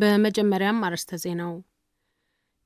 በመጀመሪያም አርዕስተ ዜናው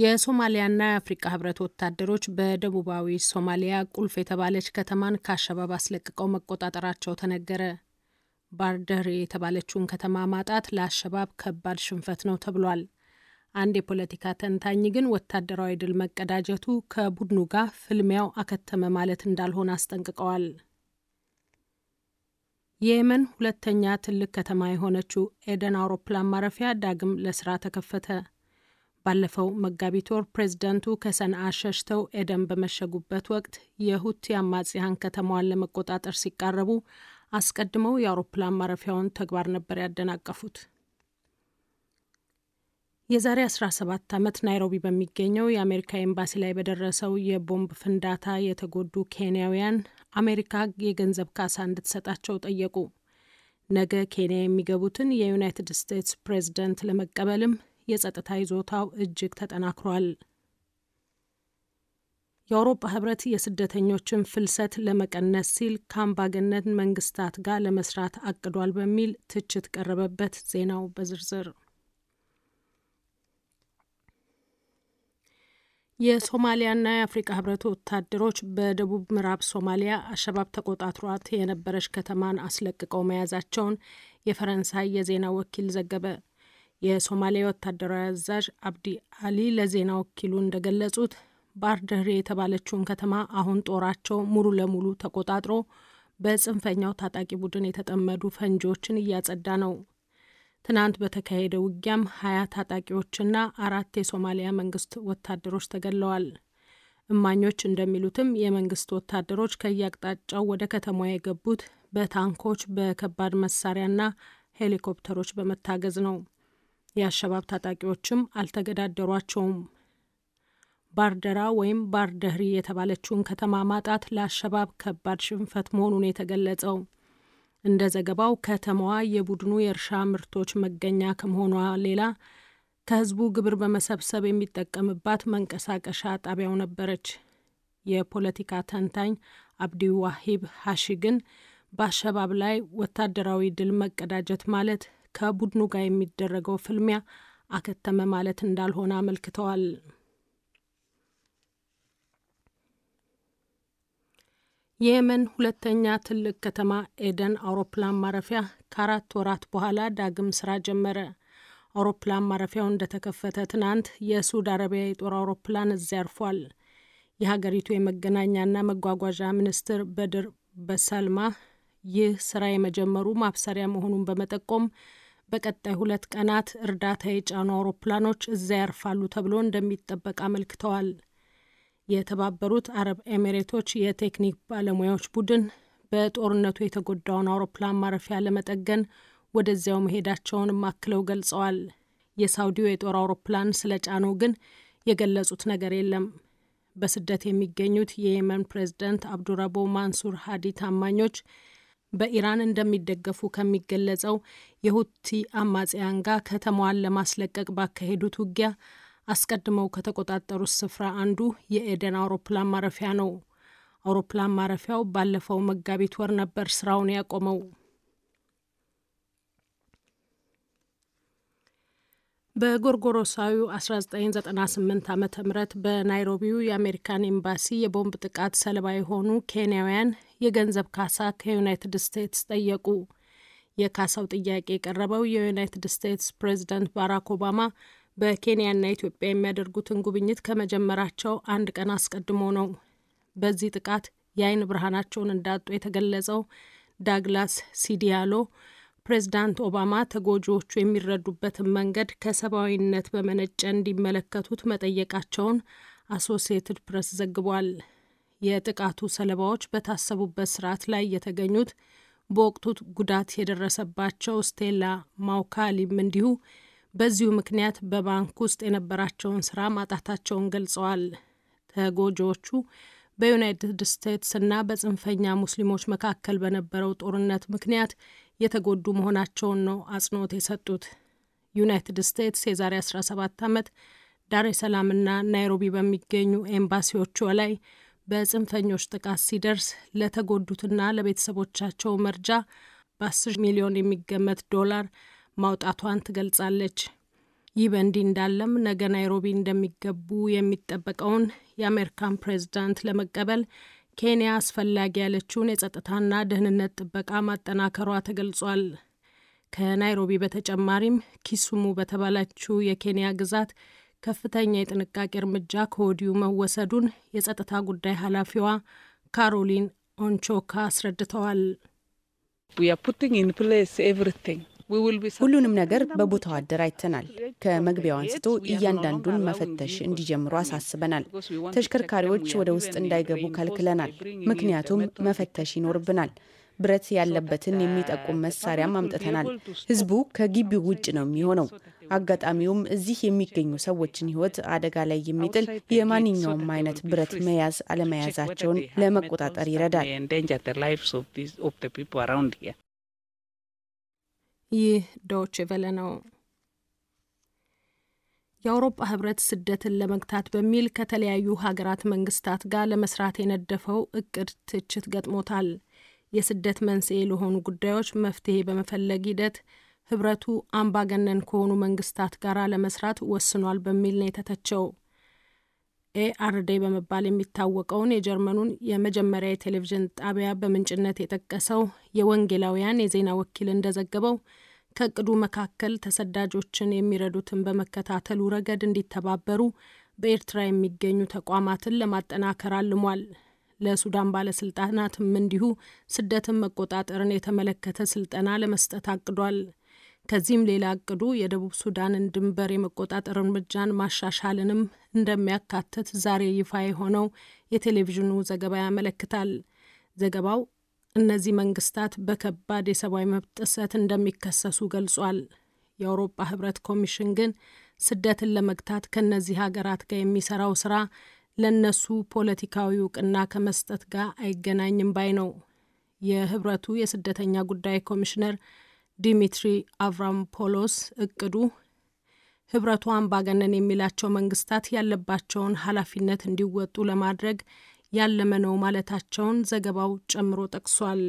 የሶማሊያና የአፍሪቃ ህብረት ወታደሮች በደቡባዊ ሶማሊያ ቁልፍ የተባለች ከተማን ከአሸባብ አስለቅቀው መቆጣጠራቸው ተነገረ። ባርደሬ የተባለችውን ከተማ ማጣት ለአሸባብ ከባድ ሽንፈት ነው ተብሏል። አንድ የፖለቲካ ተንታኝ ግን ወታደራዊ ድል መቀዳጀቱ ከቡድኑ ጋር ፍልሚያው አከተመ ማለት እንዳልሆነ አስጠንቅቀዋል። የየመን ሁለተኛ ትልቅ ከተማ የሆነችው ኤደን አውሮፕላን ማረፊያ ዳግም ለስራ ተከፈተ። ባለፈው መጋቢት ወር ፕሬዝደንቱ ከሰንአ ሸሽተው ኤደን በመሸጉበት ወቅት የሁቲ አማጽያን ከተማዋን ለመቆጣጠር ሲቃረቡ አስቀድመው የአውሮፕላን ማረፊያውን ተግባር ነበር ያደናቀፉት። የዛሬ 17 ዓመት ናይሮቢ በሚገኘው የአሜሪካ ኤምባሲ ላይ በደረሰው የቦምብ ፍንዳታ የተጎዱ ኬንያውያን አሜሪካ የገንዘብ ካሳ እንድትሰጣቸው ጠየቁ። ነገ ኬንያ የሚገቡትን የዩናይትድ ስቴትስ ፕሬዝደንት ለመቀበልም የጸጥታ ይዞታው እጅግ ተጠናክሯል። የአውሮፓ ህብረት የስደተኞችን ፍልሰት ለመቀነስ ሲል ከአምባገነን መንግስታት ጋር ለመስራት አቅዷል በሚል ትችት ቀረበበት። ዜናው በዝርዝር የሶማሊያና የአፍሪካ ህብረት ወታደሮች በደቡብ ምዕራብ ሶማሊያ አሸባብ ተቆጣጥሯት የነበረች ከተማን አስለቅቀው መያዛቸውን የፈረንሳይ የዜና ወኪል ዘገበ። የሶማሊያ ወታደራዊ አዛዥ አብዲ አሊ ለዜና ወኪሉ እንደገለጹት ባርደሬ የተባለችውን ከተማ አሁን ጦራቸው ሙሉ ለሙሉ ተቆጣጥሮ በጽንፈኛው ታጣቂ ቡድን የተጠመዱ ፈንጂዎችን እያጸዳ ነው። ትናንት በተካሄደ ውጊያም ሀያ ታጣቂዎችና አራት የሶማሊያ መንግስት ወታደሮች ተገድለዋል። እማኞች እንደሚሉትም የመንግስት ወታደሮች ከየአቅጣጫው ወደ ከተማዋ የገቡት በታንኮች በከባድ መሳሪያና ሄሊኮፕተሮች በመታገዝ ነው። የአሸባብ ታጣቂዎችም አልተገዳደሯቸውም። ባርደራ ወይም ባርደህሪ የተባለችውን ከተማ ማጣት ለአሸባብ ከባድ ሽንፈት መሆኑን የተገለጸው እንደ ዘገባው ከተማዋ የቡድኑ የእርሻ ምርቶች መገኛ ከመሆኗ ሌላ ከህዝቡ ግብር በመሰብሰብ የሚጠቀምባት መንቀሳቀሻ ጣቢያው ነበረች። የፖለቲካ ተንታኝ አብዲ ዋሂብ ሀሺ ግን በአሸባብ ላይ ወታደራዊ ድል መቀዳጀት ማለት ከቡድኑ ጋር የሚደረገው ፍልሚያ አከተመ ማለት እንዳልሆነ አመልክተዋል። የየመን ሁለተኛ ትልቅ ከተማ ኤደን አውሮፕላን ማረፊያ ከአራት ወራት በኋላ ዳግም ስራ ጀመረ። አውሮፕላን ማረፊያው እንደተከፈተ ትናንት የሱድ አረቢያ የጦር አውሮፕላን እዚያ አርፏል። የሀገሪቱ የመገናኛና መጓጓዣ ሚኒስትር በድር በሳልማ ይህ ስራ የመጀመሩ ማብሰሪያ መሆኑን በመጠቆም በቀጣይ ሁለት ቀናት እርዳታ የጫኑ አውሮፕላኖች እዚያ ያርፋሉ ተብሎ እንደሚጠበቅ አመልክተዋል። የተባበሩት አረብ ኤሚሬቶች የቴክኒክ ባለሙያዎች ቡድን በጦርነቱ የተጎዳውን አውሮፕላን ማረፊያ ለመጠገን ወደዚያው መሄዳቸውንም አክለው ገልጸዋል። የሳውዲው የጦር አውሮፕላን ስለ ጫኑ ግን የገለጹት ነገር የለም። በስደት የሚገኙት የየመን ፕሬዝደንት አብዱረቦ ማንሱር ሀዲ ታማኞች በኢራን እንደሚደገፉ ከሚገለጸው የሁቲ አማጽያን ጋር ከተማዋን ለማስለቀቅ ባካሄዱት ውጊያ አስቀድመው ከተቆጣጠሩት ስፍራ አንዱ የኤደን አውሮፕላን ማረፊያ ነው። አውሮፕላን ማረፊያው ባለፈው መጋቢት ወር ነበር ስራውን ያቆመው። በጎርጎሮሳዊው 1998 ዓ ም በናይሮቢው የአሜሪካን ኤምባሲ የቦምብ ጥቃት ሰለባ የሆኑ ኬንያውያን የገንዘብ ካሳ ከዩናይትድ ስቴትስ ጠየቁ። የካሳው ጥያቄ የቀረበው የዩናይትድ ስቴትስ ፕሬዚደንት ባራክ ኦባማ በኬንያና ኢትዮጵያ የሚያደርጉትን ጉብኝት ከመጀመራቸው አንድ ቀን አስቀድሞ ነው። በዚህ ጥቃት የአይን ብርሃናቸውን እንዳጡ የተገለጸው ዳግላስ ሲዲያሎ ፕሬዝዳንት ኦባማ ተጎጂዎቹ የሚረዱበትን መንገድ ከሰብአዊነት በመነጨ እንዲመለከቱት መጠየቃቸውን አሶሲየትድ ፕሬስ ዘግቧል። የጥቃቱ ሰለባዎች በታሰቡበት ስርዓት ላይ የተገኙት በወቅቱ ጉዳት የደረሰባቸው ስቴላ ማውካሊም እንዲሁ በዚሁ ምክንያት በባንክ ውስጥ የነበራቸውን ስራ ማጣታቸውን ገልጸዋል። ተጎጂዎቹ በዩናይትድ ስቴትስ እና በጽንፈኛ ሙስሊሞች መካከል በነበረው ጦርነት ምክንያት የተጎዱ መሆናቸውን ነው አጽንኦት የሰጡት። ዩናይትድ ስቴትስ የዛሬ 17 ዓመት ዳሬ ሰላምና ናይሮቢ በሚገኙ ኤምባሲዎቿ ላይ በጽንፈኞች ጥቃት ሲደርስ ለተጎዱትና ለቤተሰቦቻቸው መርጃ በ10 ሚሊዮን የሚገመት ዶላር ማውጣቷን ትገልጻለች። ይህ በእንዲህ እንዳለም ነገ ናይሮቢ እንደሚገቡ የሚጠበቀውን የአሜሪካን ፕሬዝዳንት ለመቀበል ኬንያ አስፈላጊ ያለችውን የጸጥታና ደህንነት ጥበቃ ማጠናከሯ ተገልጿል። ከናይሮቢ በተጨማሪም ኪሱሙ በተባለችው የኬንያ ግዛት ከፍተኛ የጥንቃቄ እርምጃ ከወዲሁ መወሰዱን የጸጥታ ጉዳይ ኃላፊዋ ካሮሊን ኦንቾካ አስረድተዋል። ሁሉንም ነገር በቦታው አደራጅተናል። ከመግቢያው አንስቶ እያንዳንዱን መፈተሽ እንዲጀምሩ አሳስበናል። ተሽከርካሪዎች ወደ ውስጥ እንዳይገቡ ከልክለናል። ምክንያቱም መፈተሽ ይኖርብናል። ብረት ያለበትን የሚጠቁም መሳሪያም አምጥተናል። ህዝቡ ከግቢው ውጭ ነው የሚሆነው። አጋጣሚውም እዚህ የሚገኙ ሰዎችን ህይወት አደጋ ላይ የሚጥል የማንኛውም አይነት ብረት መያዝ አለመያዛቸውን ለመቆጣጠር ይረዳል። ይህ ዶች ቨለ ነው። የአውሮፓ ህብረት ስደትን ለመግታት በሚል ከተለያዩ ሀገራት መንግስታት ጋር ለመስራት የነደፈው እቅድ ትችት ገጥሞታል። የስደት መንስኤ ለሆኑ ጉዳዮች መፍትሄ በመፈለግ ሂደት ህብረቱ አምባገነን ከሆኑ መንግስታት ጋር ለመስራት ወስኗል በሚል ነው የተተቸው። ኤአርዴ በመባል የሚታወቀውን የጀርመኑን የመጀመሪያ የቴሌቪዥን ጣቢያ በምንጭነት የጠቀሰው የወንጌላውያን የዜና ወኪል እንደዘገበው ከእቅዱ መካከል ተሰዳጆችን የሚረዱትን በመከታተሉ ረገድ እንዲተባበሩ በኤርትራ የሚገኙ ተቋማትን ለማጠናከር አልሟል። ለሱዳን ባለስልጣናትም እንዲሁ ስደትን መቆጣጠርን የተመለከተ ስልጠና ለመስጠት አቅዷል። ከዚህም ሌላ እቅዱ የደቡብ ሱዳንን ድንበር የመቆጣጠር እርምጃን ማሻሻልንም እንደሚያካትት ዛሬ ይፋ የሆነው የቴሌቪዥኑ ዘገባ ያመለክታል። ዘገባው እነዚህ መንግስታት በከባድ የሰብአዊ መብት ጥሰት እንደሚከሰሱ ገልጿል። የአውሮፓ ህብረት ኮሚሽን ግን ስደትን ለመግታት ከእነዚህ ሀገራት ጋር የሚሰራው ስራ ለነሱ ፖለቲካዊ እውቅና ከመስጠት ጋር አይገናኝም ባይ ነው። የህብረቱ የስደተኛ ጉዳይ ኮሚሽነር ዲሚትሪ አቭራምፖሎስ እቅዱ ህብረቱ አምባገነን የሚላቸው መንግስታት ያለባቸውን ኃላፊነት እንዲወጡ ለማድረግ ያለመ ነው ማለታቸውን ዘገባው ጨምሮ ጠቅሷል።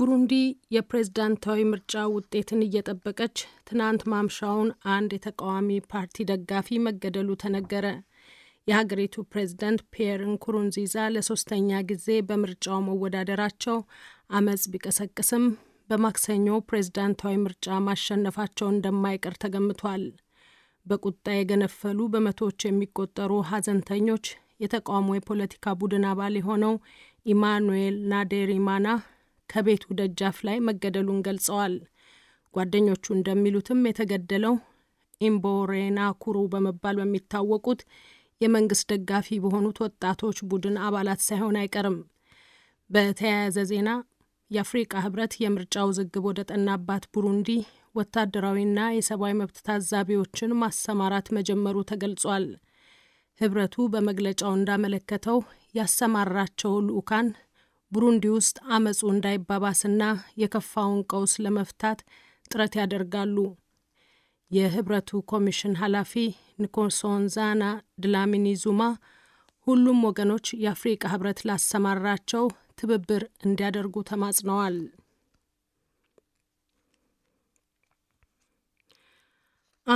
ቡሩንዲ የፕሬዝዳንታዊ ምርጫ ውጤትን እየጠበቀች ትናንት ማምሻውን አንድ የተቃዋሚ ፓርቲ ደጋፊ መገደሉ ተነገረ። የሀገሪቱ ፕሬዚደንት ፒየር ንኩሩንዚዛ ለሶስተኛ ጊዜ በምርጫው መወዳደራቸው አመጽ ቢቀሰቅስም በማክሰኞ ፕሬዝዳንታዊ ምርጫ ማሸነፋቸው እንደማይቀር ተገምቷል። በቁጣ የገነፈሉ በመቶዎች የሚቆጠሩ ሀዘንተኞች የተቃውሞ የፖለቲካ ቡድን አባል የሆነው ኢማኑኤል ናዴሪማና ከቤቱ ደጃፍ ላይ መገደሉን ገልጸዋል። ጓደኞቹ እንደሚሉትም የተገደለው ኢምቦሬና ኩሩ በመባል በሚታወቁት የመንግስት ደጋፊ በሆኑት ወጣቶች ቡድን አባላት ሳይሆን አይቀርም። በተያያዘ ዜና የአፍሪቃ ህብረት የምርጫ ውዝግብ ወደ ጠናባት ቡሩንዲ ወታደራዊና የሰብአዊ መብት ታዛቢዎችን ማሰማራት መጀመሩ ተገልጿል። ህብረቱ በመግለጫው እንዳመለከተው ያሰማራቸው ልዑካን ቡሩንዲ ውስጥ አመፁ እንዳይባባስና የከፋውን ቀውስ ለመፍታት ጥረት ያደርጋሉ። የህብረቱ ኮሚሽን ኃላፊ ንኮንሶንዛና ድላሚኒ ዙማ ሁሉም ወገኖች የአፍሪቃ ህብረት ላሰማራቸው ትብብር እንዲያደርጉ ተማጽነዋል።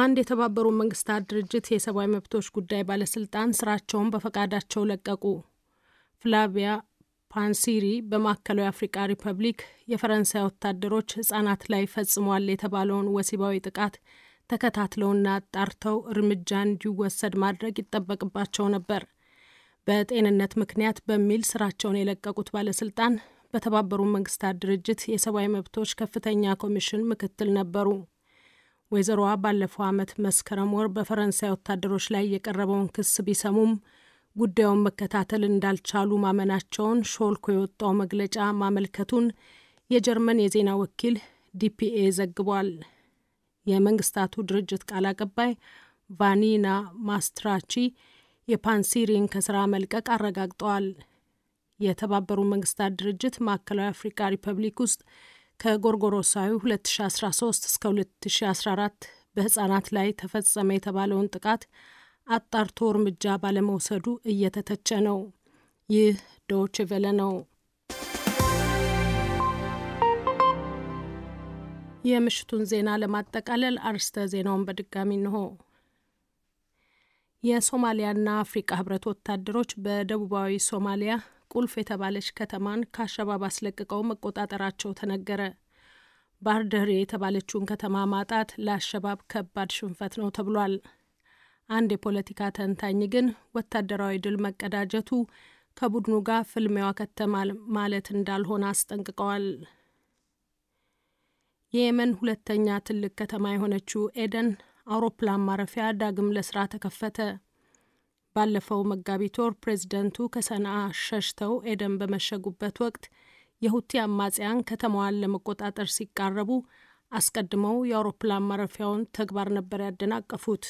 አንድ የተባበሩ መንግስታት ድርጅት የሰብአዊ መብቶች ጉዳይ ባለስልጣን ስራቸውን በፈቃዳቸው ለቀቁ። ፍላቪያ ፓንሲሪ በማዕከላዊ አፍሪቃ ሪፐብሊክ የፈረንሳይ ወታደሮች ህጻናት ላይ ፈጽሟል የተባለውን ወሲባዊ ጥቃት ተከታትለውና አጣርተው እርምጃ እንዲወሰድ ማድረግ ይጠበቅባቸው ነበር። በጤንነት ምክንያት በሚል ስራቸውን የለቀቁት ባለስልጣን በተባበሩ መንግስታት ድርጅት የሰብአዊ መብቶች ከፍተኛ ኮሚሽን ምክትል ነበሩ። ወይዘሮዋ ባለፈው ዓመት መስከረም ወር በፈረንሳይ ወታደሮች ላይ የቀረበውን ክስ ቢሰሙም ጉዳዩን መከታተል እንዳልቻሉ ማመናቸውን ሾልኮ የወጣው መግለጫ ማመልከቱን የጀርመን የዜና ወኪል ዲፒኤ ዘግቧል። የመንግስታቱ ድርጅት ቃል አቀባይ ቫኒና ማስትራቺ የፓንሲሪን ከስራ መልቀቅ አረጋግጠዋል። የተባበሩ መንግስታት ድርጅት ማዕከላዊ አፍሪካ ሪፐብሊክ ውስጥ ከጎርጎሮሳዊ 2013 እስከ 2014 በህጻናት ላይ ተፈጸመ የተባለውን ጥቃት አጣርቶ እርምጃ ባለመውሰዱ እየተተቸ ነው። ይህ ቨለ ነው። የምሽቱን ዜና ለማጠቃለል አርስተ ዜናውን በድጋሚ እንሆ። የሶማሊያና አፍሪቃ ህብረት ወታደሮች በደቡባዊ ሶማሊያ ቁልፍ የተባለች ከተማን ከአሸባብ አስለቅቀው መቆጣጠራቸው ተነገረ። ባህር የተባለችውን ከተማ ማጣት ለአሸባብ ከባድ ሽንፈት ነው ተብሏል። አንድ የፖለቲካ ተንታኝ ግን ወታደራዊ ድል መቀዳጀቱ ከቡድኑ ጋር ፍልሚያው ከተማል ማለት እንዳልሆነ አስጠንቅቀዋል። የየመን ሁለተኛ ትልቅ ከተማ የሆነችው ኤደን አውሮፕላን ማረፊያ ዳግም ለስራ ተከፈተ። ባለፈው መጋቢት ወር ፕሬዚደንቱ ከሰንአ ሸሽተው ኤደን በመሸጉበት ወቅት የሁቲ አማጽያን ከተማዋን ለመቆጣጠር ሲቃረቡ አስቀድመው የአውሮፕላን ማረፊያውን ተግባር ነበር ያደናቀፉት።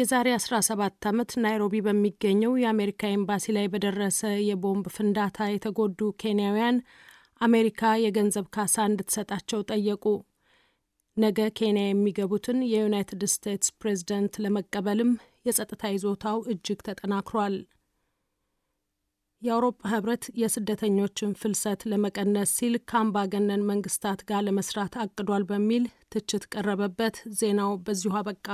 የዛሬ 17 ዓመት ናይሮቢ በሚገኘው የአሜሪካ ኤምባሲ ላይ በደረሰ የቦምብ ፍንዳታ የተጎዱ ኬንያውያን አሜሪካ የገንዘብ ካሳ እንድትሰጣቸው ጠየቁ። ነገ ኬንያ የሚገቡትን የዩናይትድ ስቴትስ ፕሬዝደንት ለመቀበልም የጸጥታ ይዞታው እጅግ ተጠናክሯል። የአውሮፓ ህብረት የስደተኞችን ፍልሰት ለመቀነስ ሲል ከአምባገነን መንግስታት ጋር ለመስራት አቅዷል በሚል ትችት ቀረበበት። ዜናው በዚሁ አበቃ።